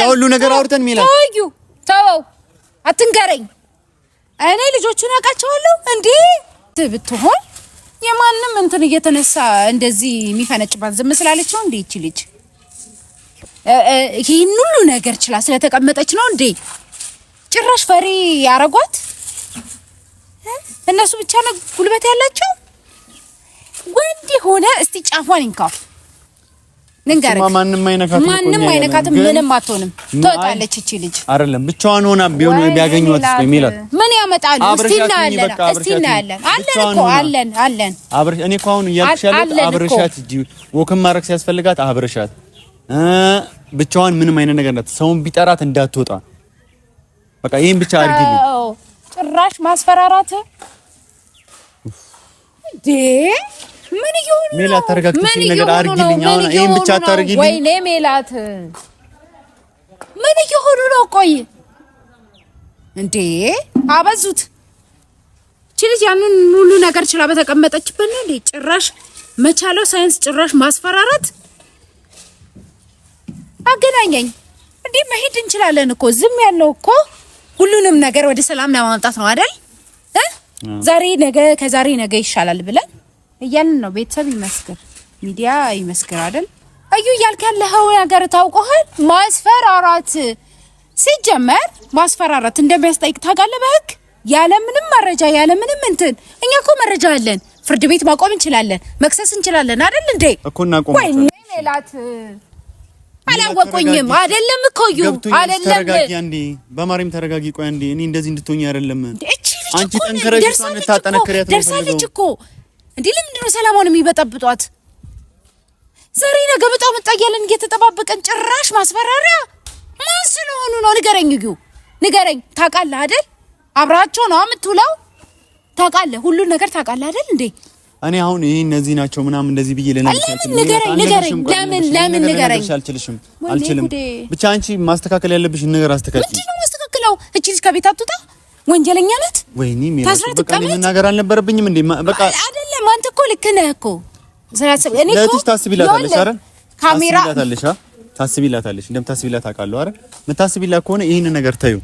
ያ ሁሉ ነገር አውርተን ሚላ ታዩ ተው፣ አትንገረኝ። እኔ ልጆቹን አውቃቸዋለሁ። እንዴ ብትሆን የማንም እንትን እየተነሳ እንደዚህ የሚፈነጭባት ዝም ስላለች ነው እንዴ? ይቺ ልጅ ይህን ሁሉ ነገር ችላ ስለተቀመጠች ነው እንዴ? ጭራሽ ፈሪ ያረጓት። እነሱ ብቻ ነው ጉልበት ያላቸው። ወንድ ሆነ እስቲ ጫፏን ይንካው ንገረኝ። ማንም አይነካትም፣ ማንም አይነካትም፣ ምንም አትሆንም። ትወጣለች እቺ ልጅ አይደለም ብቻዋን ሆና ቢሆን ቢያገኙት የሚላት ምን ያመጣሉ? እስቲ እናያለን፣ እስቲ እናያለን። አለን እኮ አለን፣ አለን። እኔ እኮ አሁን እያልኩሽ ያለሁት አብረሻት እጂ ወክም ማድረግ ሲያስፈልጋት አብረሻት ብቻዋን ምንም አይነት ነገር ሰውን ቢጠራት እንዳትወጣ በቃ ይሄን ብቻ ጭራሽ ማስፈራራት እንዴ! ምን ይሁን ነው? ሜላት ተረጋግተሽ ነገር አርግልኝ። አሁን ይሄን ብቻ አታርግልኝ። ወይኔ ሜላት ምን ይሁን ነው? ቆይ እንዴ አበዙት። እቺ ልጅ ያንን ሁሉ ነገር ችላ በተቀመጠችበት ነው እንዴ? ጭራሽ መቻለው ሳይንስ፣ ጭራሽ ማስፈራራት። አገናኘኝ እንዴ? መሄድ እንችላለን እኮ ዝም ያለው እኮ ሁሉንም ነገር ወደ ሰላም ለማምጣት ነው አይደል? ዛሬ ነገ ከዛሬ ነገ ይሻላል ብለን እያልን ነው። ቤተሰብ ይመስክር፣ ሚዲያ ይመስክር አይደል? እዩ እያልክ ያለኸው ነገር ታውቀሃል። ማስፈራራት ሲጀመር ማስፈራራት እንደሚያስጠይቅ ታውቃለህ በህግ ያለ ምንም መረጃ ያለ ምንም እንትን። እኛ እኮ መረጃ አለን። ፍርድ ቤት ማቆም እንችላለን፣ መክሰስ እንችላለን። አይደል እንዴ እኮ ወይ ሜላት አላወቁኝም። አይደለም እኮ እዩ አይደለም። ተረጋጊ አንዴ፣ በማርያም ተረጋጊ። ቆይ አንዴ፣ እኔ እንደዚህ እንድትሆኝ አይደለም። አንቺ ጠንከረሽ እሷን ታጠነክሪያት ደርሳለች እኮ እንዴ ለምንድን ነው ሰላሟን የሚበጠብጧት? ዛሬ ነገ በጣም እንጣያለን እየተጠባበቀን፣ ጭራሽ ማስፈራሪያ። ምን ስለሆኑ ነው ንገረኝ፣ እዩ ንገረኝ። ታውቃለህ አይደል? አብራቸው ነው የምትውለው። ታውቃለህ፣ ሁሉን ነገር ታውቃለህ አይደል? እንዴ እኔ አሁን ይሄ እነዚህ ናቸው ምናምን እንደዚህ ብዬ ለነገር ንገረኝ፣ ንገረኝ። ለምን ለምን ንገረኝ። አልችልሽም፣ አልችልም። ብቻ አንቺ ማስተካከል ያለብሽ ነገር አስተካክል። ምንድን ነው ማስተካከለው? እቺ ልጅ ከቤት አትወጣ ወንጀለኛ ናት። ወይኔ ሚራስ በቃ ምን መናገር አልነበረብኝም እንዴ? በቃ አይደለም። አንተ እኮ ልክ ነህ እኮ ስላሰብ እኔ እኮ ለትሽ ታስቢላታለሽ አይደል? ካሜራ ታስቢላታለሽ፣ እንደምታስቢላት አውቃለሁ አይደል? የምታስቢላት ከሆነ ይሄን ነገር ተዩ፣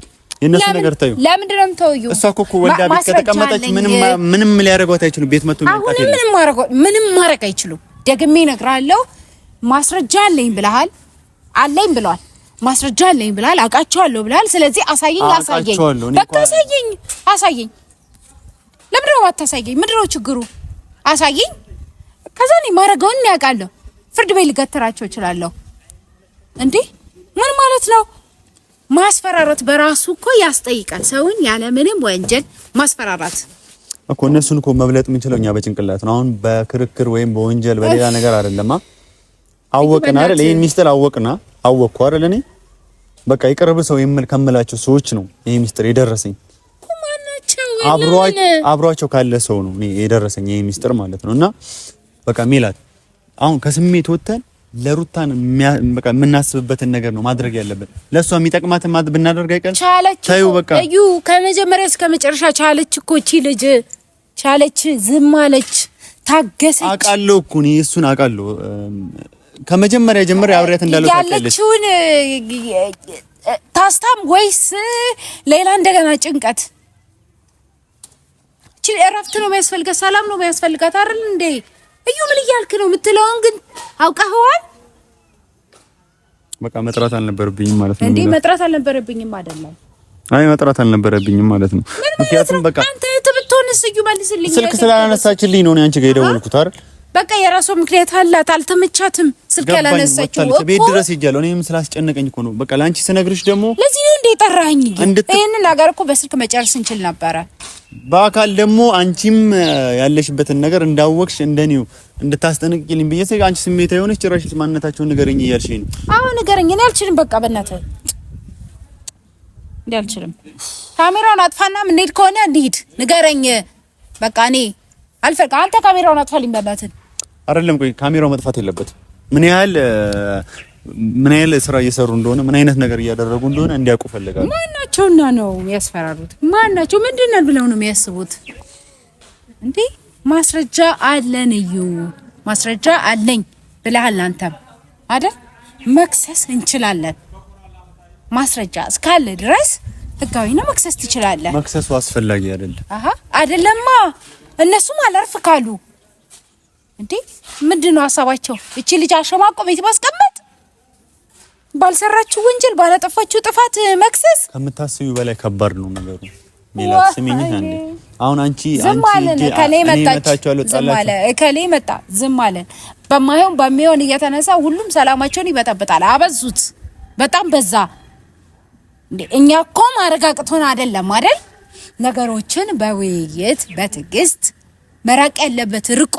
የእነሱ ነገር ተዩ። ለምንድን ነው የምታወዩው? እሷ እኮ እኮ ወልዳ ቤት ከተቀመጠች ምንም ምንም ሊያደርጓት አይችሉም። ቤት መጥቶ ምንም ምንም ማረጋው ምንም ማረግ አይችሉም። ደግሜ እነግርሃለሁ። ማስረጃ አለኝ ብለሃል፣ አለኝ ብለዋል ማስረጃ አለኝ ብላል፣ አውቃቸዋለሁ ብላል። ስለዚህ አሳየኝ፣ አሳየኝ፣ በቃ አሳየኝ፣ አሳየኝ። ለምንድን ነው አታሳየኝ? ምንድን ነው ችግሩ? አሳየኝ። ከዛ እኔ ማረገውን ያውቃለሁ። ፍርድ ቤት ልገትራቸው እችላለሁ። እንዴ ምን ማለት ነው? ማስፈራራት በራሱ እኮ ያስጠይቃል። ሰውን ያለ ምንም ወንጀል ማስፈራራት እኮ እነሱን እኮ መብለጥ የምንችለው እኛ በጭንቅላት ነው። አሁን በክርክር ወይም በወንጀል በሌላ ነገር አይደለማ። አወቅና አይደል? ይሄን ሚስጥር አወቅና አወቅኩ አይደል? እኔ በቃ የቅርብ ሰው የምል ከምላቸው ሰዎች ነው ይሄ ሚስጥር የደረሰኝ። አብሯቸው ካለ ሰው ነው እኔ የደረሰኝ ይሄ ሚስጥር ማለት ነው። እና በቃ ሜላት፣ አሁን ከስሜት ወጥተን ለሩታን በቃ የምናስብበትን ነገር ነው ማድረግ ያለበት። ለእሷ የሚጠቅማትን ብናደርግ አይቀር ቻለች። በቃ እዩ ከመጀመሪያ እስከ መጨረሻ ቻለች እኮ እቺ ልጅ ቻለች፣ ዝም አለች፣ ታገሰች። አውቃለሁ እኮ እኔ እሱን አውቃለሁ ከመጀመሪያ ጀምር አብሬያት እንዳለው ያለችውን ታስታም ወይስ ሌላ እንደገና ጭንቀት? እቺ እረፍት ነው የሚያስፈልጋት፣ ሰላም ነው የሚያስፈልጋት አይደል እንዴ? እዩ ምን እያልክ ነው የምትለውን ግን አውቀኸዋል። በቃ መጥራት አልነበረብኝም ማለት ነው እንዴ? መጥራት አልነበረብኝም አይደለም። አይ መጥራት አልነበረብኝም ማለት ነው። ምክንያቱም በቃ አንተ ብትሆንስ እዩ መልስልኝ። ስልክ ስላላነሳችልኝ ነው አንቺ ጋር የደወልኩት አይደል በቃ የራሷ ምክንያት አላት። አልተመቻትም፣ ስልክ ያላነሳችው እኮ ቤት ድረስ ሄጃለሁ። እኔም ስላስጨነቀኝ እኮ ነው። በቃ ላንቺ ስነግርሽ ደግሞ ለዚህ ነው እንደ ጠራኝ። ይህንን ነገር እኮ በስልክ መጨረስ እንችል ነበረ። በአካል ደግሞ አንቺም ያለሽበትን ነገር እንዳወቅሽ እንደኔው እንድታስጠነቅቂልኝ ብዬ ስል አንቺ ስሜት የሆነች ጭራሽ ማንነታቸውን ንገረኝ እያልሽኝ ነው። አዎ ንገረኝ። እኔ አልችልም። በቃ በእናትህ እንዲ አልችልም። ካሜራውን አጥፋና ምንሄድ ከሆነ እንሂድ። ንገረኝ። በቃ እኔ አልፈልግ። አንተ ካሜራውን አጥፋልኝ በእናትህ አይደለም። ቆይ ካሜራው መጥፋት የለበትም። ምን ያህል ምን ያህል ስራ እየሰሩ እንደሆነ ምን አይነት ነገር እያደረጉ እንደሆነ እንዲያውቁ ፈልጋለሁ። ማናቸውና ነው የሚያስፈራሩት? ማናቸው ምንድን ነን ብለው ነው የሚያስቡት? እንዴ ማስረጃ አለን እዩ ማስረጃ አለኝ ብለሃል አንተም አይደል? መክሰስ እንችላለን። ማስረጃ እስካለ ድረስ ህጋዊ ነው፣ መክሰስ ትችላለህ። መክሰሱ አስፈላጊ አይደለም። አሃ አይደለማ እነሱም አላርፍ ካሉ እንዴ ምንድን ነው ሀሳባቸው? እቺ ልጅ አሸማቆ ቤት ማስቀመጥ፣ ባልሰራችሁ ወንጀል ባላጠፋችሁ ጥፋት መክሰስ ከምታስቡ በላይ ከባድ ነው ነገሩ። ሜላት ስሚኝ አንዴ። አሁን አንቺ አንቺ እከሌ መጣች እከሌ መጣ ዝም አለን። በማይሆን በሚሆን እየተነሳ ሁሉም ሰላማቸውን ይበጠብጣል። አበዙት፣ በጣም በዛ። እኛ እኮ ማድረግ አይደለም አይደል? ነገሮችን በውይይት በትዕግስት መራቅ ያለበት ርቆ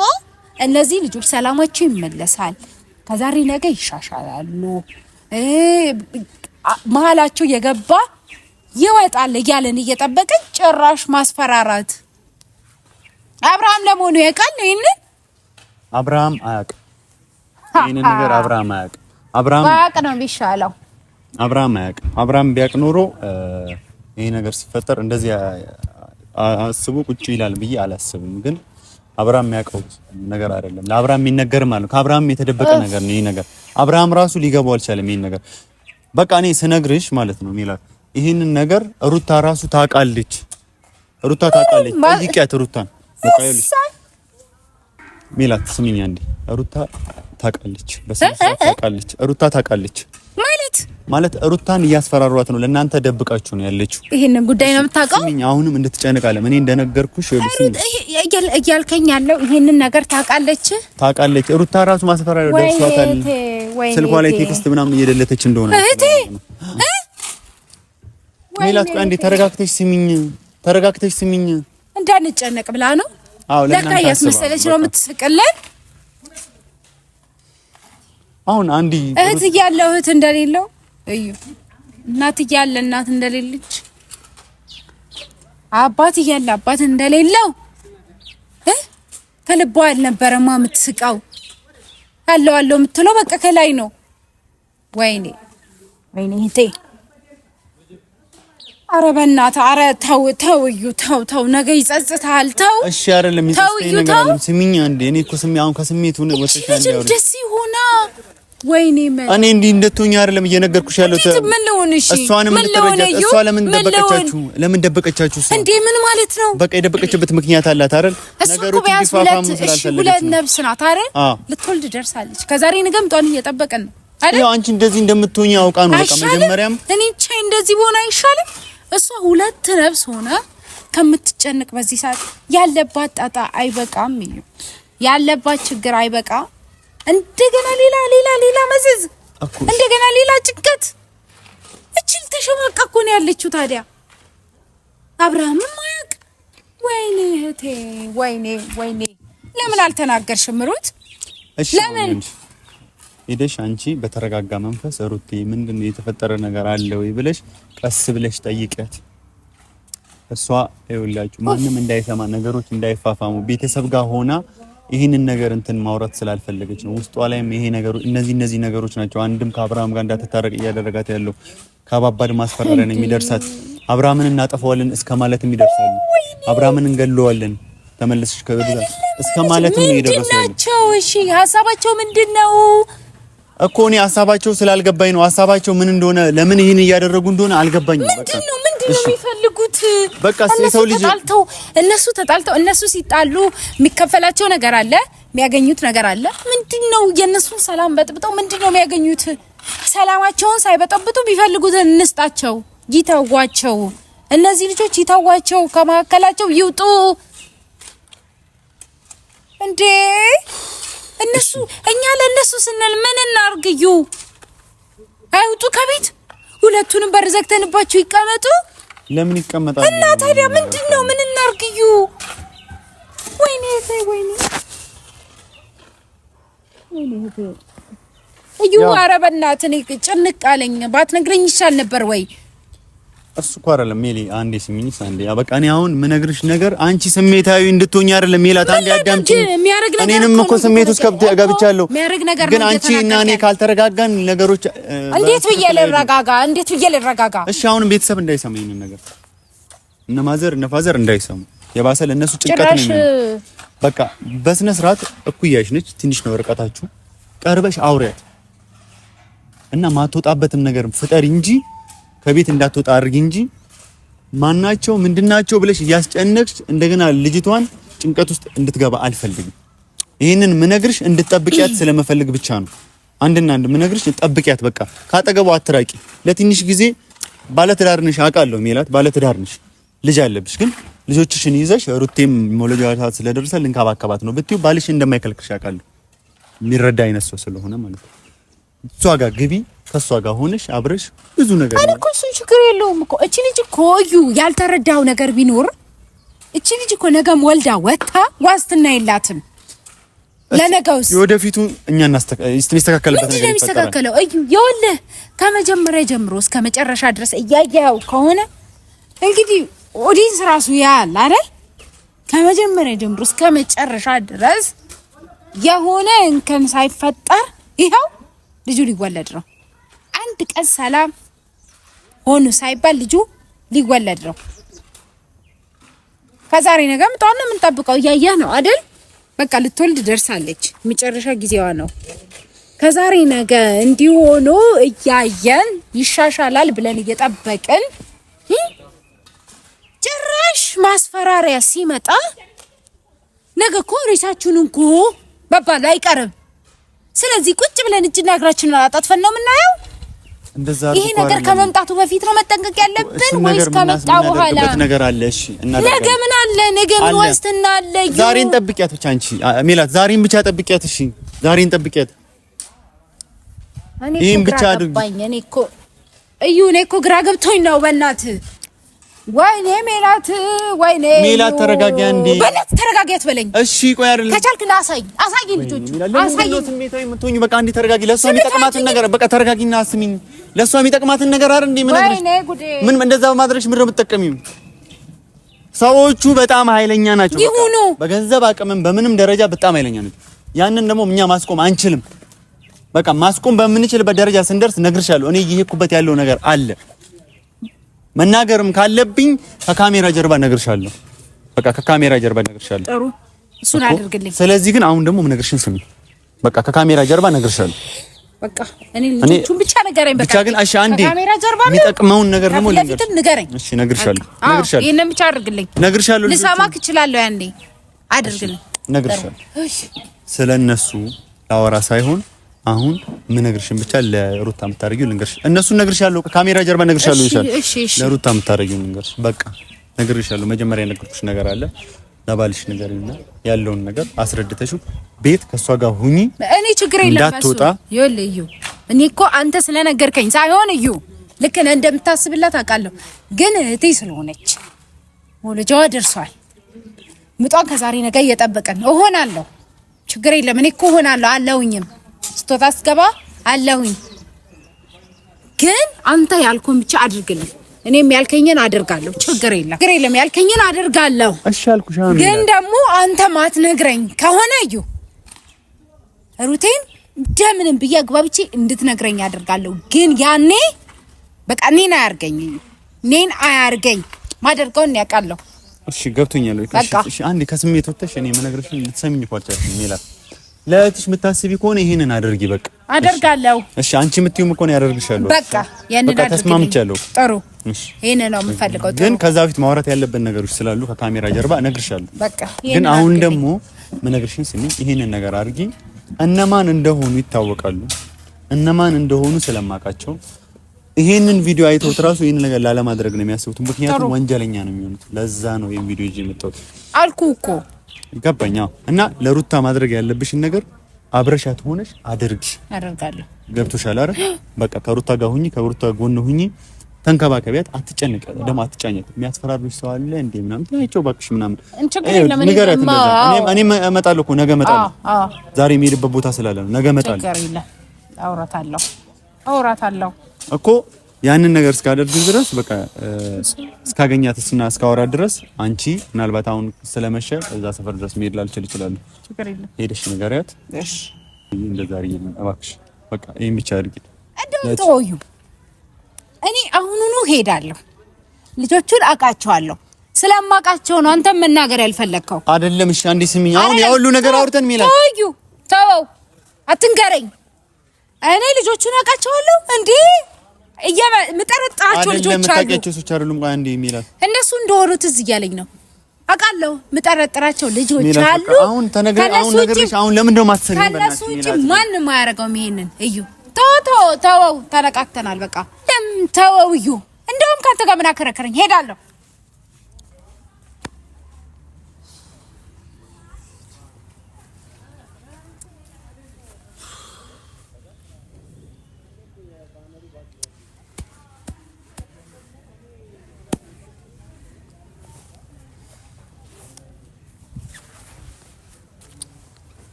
እነዚህ ልጆች ሰላማቸው ይመለሳል። ከዛሬ ነገ ይሻሻላሉ። መሀላቸው የገባ ይወጣል እያለን እየጠበቅን ጭራሽ ማስፈራራት። አብርሃም ለመሆኑ ያውቃል ነው? ይህንን አብርሃም አያውቅም። ይህንን ነገር አብርሃም አያውቅም። አብርሃም ነው የሚሻለው። አብርሃም አያውቅም። አብርሃም ቢያውቅ ኖሮ ይሄ ነገር ሲፈጠር እንደዚህ አስቡ ቁጭ ይላል ብዬ አላስብም ግን አብርሃም የሚያውቀው ነገር አይደለም። ለአብርሃም የሚነገር ማለት ነው። ከአብርሃም የተደበቀ ነገር ነው ይህ ነገር። አብርሃም ራሱ ሊገባው አልቻለም ይህን ነገር። በቃ እኔ ስነግርሽ ማለት ነው ሚላት ይህንን ነገር ሩታ ራሱ ታውቃለች። ሩታ ታውቃለች። ጠይቂያት ሩታን ሚላት ስሚኝ አንዴ ሩታ ታውቃለች። በስንት ታውቃለች። ሩታ ታውቃለች ማለት ሩታን እያስፈራሯት ነው። ለእናንተ ደብቃችሁ ነው ያለችው። ይሄንን ጉዳይ ነው የምታውቀው። አሁንም እንድትጨንቃለም እኔ እንደነገርኩሽ እያልከኝ ያለው ይሄንን ነገር ታውቃለች፣ ታውቃለች። ሩታ ራሱ ማስፈራሪያ ደርሷታል። ስልኳ ላይ ቴክስት ምናምን እየደለተች እንደሆነ ሜላት፣ ቆይ አንዴ ተረጋግተሽ ስሚኝ፣ ተረጋግተሽ ስሚኝ። እንዳንጨነቅ ብላ ነው ለካ እያስመሰለች ነው የምትስቅለን አሁን አንድ እህት እያለው እህት እንደሌለው እዩ እናት እያለ እናት እንደሌለች አባት እያለ አባት እንደሌለው ከልቧ አልነበረማ የምትስቃው አለው አለው የምትለው በቃ ከላይ ነው። ወይኔ ወይኔ እህቴ፣ ኧረ በእናትህ ኧረ ተው ተው፣ እዩ ተው ተው፣ ነገ ይጸጽታል። ተው እሺ፣ አይደለም ይጸጽተኝ ነገር ስሚኝ አንዴ፣ እኔ እኮ ስሚ አሁን ከስሜቱ ወጥቻለሁ። ደስ ወይኔ እኔ እንዲህ እንደትሆኝ አይደለም እየነገርኩሽ ያለሁት። ምን ልሆን? እሺ እሷንም ልትረጃት። እሷ ለምን ደበቀቻችሁ? ለምን ደበቀቻችሁ? እንዴ ምን ማለት ነው? በቃ የደበቀችበት ምክንያት አላት አይደል? ነገሩ ቢፋፋም ስላልፈለገች ሁለት ነፍስ ናት አይደል? ልትወልድ ደርሳለች። ከዛሬ ነገም ጧን እየጠበቀን ነው ያው አንቺ እንደዚህ እንደምትሆኝ አውቃ ነው። በቃ መጀመሪያም እኔ ቻይ እንደዚህ በሆነ አይሻልም? እሷ ሁለት ነፍስ ሆነ ከምትጨንቅ በዚህ ሰዓት ያለባት ጣጣ አይበቃም? ያለባት ችግር አይበቃም? እንደገና ሌላ ሌላ ሌላ መዘዝ እንደገና ሌላ ጭንቀት። እችል ተሸማቃ እኮ ነው ያለችው። ታዲያ አብርሃምም ማያቅ። ወይኔ እህቴ፣ ወይኔ ወይኔ። ለምን አልተናገርሽም ሩት? ለምን ሄደሽ አንቺ በተረጋጋ መንፈስ ሩቴ፣ ምንድን የተፈጠረ ነገር አለ ወይ ብለሽ ቀስ ብለሽ ጠይቀት። እሷ ይኸውላችሁ ማንም እንዳይሰማ ነገሮች እንዳይፋፋሙ ቤተሰብ ጋር ሆና ይህንን ነገር እንትን ማውራት ስላልፈለገች ነው። ውስጧ ላይም ይሄ ነገሮች እነዚህ እነዚህ ነገሮች ናቸው። አንድም ከአብርሃም ጋር እንዳትታረቅ እያደረጋት ያለው ከባባድ ነው የሚደርሳት አብርሃምን እናጠፋዋለን እስከ ማለት የሚደርሳሉ አብርሃምን እንገለዋለን ተመለስሽ ከብዛ እስከ ማለት ነው የደረሰው። እሺ ሀሳባቸው ምንድነው? እኮ እኔ ሀሳባቸው ስላልገባኝ ነው። ሀሳባቸው ምን እንደሆነ ለምን ይህን እያደረጉ እንደሆነ አልገባኝም። ምንድን ነው የሚፈልጉት? በቃ የሰው ልጅ ተጣልተው እነሱ ተጣልተው እነሱ ሲጣሉ የሚከፈላቸው ነገር አለ፣ የሚያገኙት ነገር አለ። ምንድን ነው የእነሱን ሰላም በጥብጠው ምንድን ነው የሚያገኙት? ሰላማቸውን ሳይበጠብጡ የሚፈልጉትን እንስጣቸው፣ ይተዋቸው። እነዚህ ልጆች ይተዋቸው፣ ከመካከላቸው ይውጡ። እንዴ እነሱ እኛ ለእነሱ ስንል ምን እናርግዩ? አይውጡ ከቤት ሁለቱንም በር ዘግተንባቸው ይቀመጡ። ለምን ይቀመጣል? እና ታዲያ ምንድን ነው? ምን እናርግዩ? ወይኔ ሳይ ወይኔ ወይኔ እዩ ኧረ በእናትህ ጭንቅ አለኝ። ባትነግረኝ ይሻል ነበር ወይ እሱ እኮ አይደለም ሜሊ፣ አንዴ ስሚኝስ፣ አንዴ በቃ እኔ አሁን ምነግርሽ ነገር አንቺ ስሜታዊ እንድትሆኝ አይደለም ሜላት፣ አንዴ አዳምጪ። እኔንም እኮ ስሜት ውስጥ ገብቻለሁ፣ ግን አንቺ እና እኔ ካልተረጋጋን ነገሮች እንዴት ብዬ ልረጋጋ? እንዴት ብዬ ልረጋጋ? እሺ አሁን ቤተሰብ እንዳይሰማ ይሄንን ነገር እነ ማዘር እነ ፋዘር እንዳይሰሙ የባሰ ለእነሱ ጭንቀት ነው። በቃ በስነ ስርዓት እኩያሽ ነች፣ ትንሽ ነው ርቀታችሁ፣ ቀርበሽ አውሪያት እና ማትወጣበትም ነገር ፍጠሪ እንጂ ከቤት እንዳትወጣ አድርጊ እንጂ ማናቸው ምንድናቸው ብለሽ እያስጨነቅሽ እንደገና ልጅቷን ጭንቀት ውስጥ እንድትገባ አልፈልግም። ይህንን ምነግርሽ እንድትጠብቂያት ስለመፈልግ ብቻ ነው። አንድና አንድ ምነግርሽ ጠብቂያት፣ በቃ ካጠገቧ አትራቂ። ለትንሽ ጊዜ ባለትዳር ነሽ አውቃለሁ፣ ሜላት ባለትዳር ነሽ፣ ልጅ አለብሽ። ግን ልጆችሽን ይዘሽ ሩቴም መውለጃዋ ስለደረሰ ልንከባከባት ነው ብትይው ባልሽ እንደማይከለክልሽ አውቃለሁ። የሚረዳ አይነት ሰው ስለሆነ ማለት ነው። እሷ ጋር ግቢ ከሷ ጋር ሆነሽ አብረሽ ብዙ ነገር አለ እኮ እሱን ችግር የለውም እኮ እቺ ልጅ እኮ እዩ ያልተረዳው ነገር ቢኖር እቺ ልጅ እኮ ነገም ወልዳ ወጥታ ዋስትና የላትም። ለነገውስ የወደፊቱ እኛ እናስተካከልበት ነገር የሚስተካከለው እዩ የወለ ከመጀመሪያ ጀምሮ እስከ መጨረሻ ድረስ እያያው ከሆነ እንግዲህ ኦዲንስ ራሱ ያል አይደል ከመጀመሪያ ጀምሮ እስከ መጨረሻ ድረስ የሆነ እንከን ሳይፈጠር ይኸው ልጁ ሊወለድ ነው። አንድ ቀን ሰላም ሆኑ ሳይባል ልጁ ሊወለድ ነው። ከዛሬ ነገ ምጣውን ነው የምንጠብቀው። እያየህ ነው አይደል? በቃ ልትወልድ ደርሳለች። መጨረሻ ጊዜዋ ነው። ከዛሬ ነገ እንዲሆኑ እያየን ይሻሻላል ብለን እየጠበቅን ጭራሽ ማስፈራሪያ ሲመጣ ነገ እኮ ሬሳችሁን እንኩ መባሉ አይቀርም። ስለዚህ ቁጭ ብለን እጅና እግራችንን አጣጥፈን ነው የምናየው። እንደዛ ይሄ ነገር ከመምጣቱ በፊት ነው መጠንቀቅ ያለብን ወይስ ከመጣ በኋላ? ነገር አለ። እሺ፣ ነገ ምን አለ? ነገ ምን ዋስትና አለ? ዛሬን ጠብቂያት ብቻ አንቺ ሜላት፣ ዛሬን ብቻ ጠብቂያት። እሺ፣ ዛሬን ጠብቂያት። ይሄን ብቻ አድርጊ። እኔ እኮ እዩ፣ እኔ እኮ ግራ ገብቶኝ ነው በእናትህ ወይኔ ሜላት፣ ወይኔ ሜላት፣ ተረጋጋ እንዴ! በለት ተረጋጋት በለኝ። እሺ ቆይ አይደለም ከቻልክ ላሳይ፣ አሳይኝ፣ ልጆቹ አሳይኝ። ስሜታዊ የምትሆኚ በቃ አንዴ ተረጋጊ። ለእሷ የሚጠቅማትን ነገር በቃ ተረጋጊና አስሚኝ። ለእሷ የሚጠቅማትን ነገር አይደል እንዴ? ምን አድርሽ? ምን እንደዛ በማድረግሽ ምንድን ነው የምትጠቀሚው? ሰዎቹ በጣም ኃይለኛ ናቸው። ይሁኑ በገንዘብ አቅምም በምንም ደረጃ በጣም ኃይለኛ ናቸው። ያንን ደግሞ እኛ ማስቆም አንችልም። በቃ ማስቆም በምንችልበት ደረጃ ስንደርስ እነግርሻለሁ። እኔ እየሄድኩበት ያለው ነገር አለ መናገርም ካለብኝ ከካሜራ ጀርባ እነግርሻለሁ። በቃ ከካሜራ ጀርባ እነግርሻለሁ። ጥሩ፣ እሱን አድርግልኝ። ስለዚህ ግን አሁን ደግሞ እነግርሽን ስሚ። በቃ ከካሜራ ጀርባ እነግርሻለሁ። በቃ እኔ ልጆቹን ብቻ ነገረኝ። በቃ ብቻ ግን እሺ፣ አንዴ ከካሜራ ጀርባ የሚጠቅመውን ነገር ደግሞ ልንገርሽ፣ ንገረኝ። እሺ፣ እነግርሻለሁ። እነግርሻለሁ። ይሄንን ብቻ አድርግልኝ። እነግርሻለሁ። ልሰማክ እችላለሁ። ያንዴ አድርግልኝ። እነግርሻለሁ። ስለነሱ ላወራ ሳይሆን አሁን ምነግርሽን ብቻ ለሩታ የምታደርጊው ልንገርሽ። እነሱን ነግርሻለሁ፣ ካሜራ ጀርባ ነግርሻለሁ ይሻል። ለሩታ የምታደርጊው ልንገርሽ። በቃ ነግርሻለሁ። መጀመሪያ የነገርኩሽ ነገር አለ። ለባልሽ ንገሪና ያለውን ነገር አስረድተሽው ቤት ከእሷ ጋር ሁኚ። እኔ ችግር የለም እንዳትወጣ። ይኸውልህ እዩ፣ እኔ እኮ አንተ ስለነገርከኝ ሳይሆን እዩ፣ ልክ ነህ እንደምታስብላት አውቃለሁ። ግን እህቴ ስለሆነች ወለጃዋ ደርሷል። ምጧን ከዛሬ ነገ እየጠበቀን እሆናለሁ። ችግር የለም እኔ እኮ እሆናለሁ አለውኝም ስቶቭ አስገባ አለሁኝ። ግን አንተ ያልኩን ብቻ አድርግልኝ። እኔም ያልከኝን አደርጋለሁ። ችግር የለም ችግር የለም። ያልከኝን አደርጋለሁ። እሺ አልኩሽ። ግን ደግሞ አንተ ማትነግረኝ ከሆነ እዩ ሩቴን እንደምንም ብዬ አግባብቼ እንድትነግረኝ አደርጋለሁ። ግን ያኔ በቃ እኔን አያርገኝ፣ እኔን አያርገኝ። ማደርገውን ያውቃለሁ። እሺ ገብቶኛል። እሺ አንዴ ከስሜት ወጥተሽ እኔ መነግረሽ ልትሰሚኝ እኮ አልቻልሽም ሜላት ለእህትሽ የምታስቢ ከሆነ ይሄንን አድርጊ። በቃ አደርጋለሁ። እሺ፣ አንቺ የምትይውም ከሆነ ያደርግሻለሁ። በቃ ያንን አድርጊ። ተስማምቻለሁ። ጥሩ፣ ይሄን ነው የምፈልገው። ግን ከዛ በፊት ማውራት ያለብን ነገሮች ስላሉ ከካሜራ ጀርባ እነግርሻለሁ። በቃ ግን አሁን ደግሞ ምነግርሽን ስሚ፣ ይሄንን ነገር አድርጊ። እነማን እንደሆኑ ይታወቃሉ። እነማን እንደሆኑ ስለማውቃቸው ይሄንን ቪዲዮ አይተውት እራሱ ይሄንን ነገር ላለማድረግ ነው የሚያስቡት። ምክንያቱም ወንጀለኛ ነው የሚሆኑት። ለዛ ነው ይሄን ቪዲዮ ይዤ የመጣሁት አልኩ እኮ ይገባኛ እና ለሩታ ማድረግ ያለብሽን ነገር አብረሻት ሆነሽ አድርግ። አደርጋለሁ። ገብቶሻል አይደል? በቃ ከሩታ ጋር ሁኚ፣ ከሩታ ጎን ሁኚ፣ ተንከባከቢያት። አትጨነቅ፣ ደግሞ አትጫነቅ። የሚያስፈራሩሽ ሰው አለ እንዴ ምናምን ትያቸው እባክሽ ምናምን ንገሪያት። እኔ እመጣለሁ እኮ ነገ እመጣለሁ። ዛሬ የሚሄድበት ቦታ ስላለ ነው። ነገ እመጣለሁ። አውራታለሁ፣ አውራታለሁ እኮ ያንን ነገር እስካደርግ ድረስ በቃ እስካገኛት እና እስካወራ ድረስ አንቺ ምናልባት አሁን ስለመሸ እዛ ሰፈር ድረስ መሄድ ላልችል እችላለሁ። ሄደሽ ንገሪያት እንደዛ አድርጊ እባክሽ። በቃ ይህን ብቻ አድርጊ። እንደውም እኔ አሁኑኑ ሄዳለሁ። ልጆቹን አውቃቸዋለሁ። ስለማውቃቸው ነው አንተም መናገር ያልፈለግከው አይደለም። እሺ አንዴ ስሚኝ። አሁን ያ ሁሉ ነገር አውርተን ሚላ ተወው፣ አትንገረኝ። እኔ ልጆቹን አውቃቸዋለሁ እንዴ የምጠረጥራቸው ልጆች አሉ። እንደሱ እንደሆኑ ትዝ እያለኝ ነው አውቃለሁ። የምጠረጥራቸው ልጆች አሉ። ከእነሱ ውጭ ማንም አያደርገውም። ይሄንን እዩ፣ ተወው ተወው፣ ተነቃቅተናል። በቃ ተወው እዩ። እንደውም ከአንተ ጋር ምን አከረከረኝ? ሄዳለሁ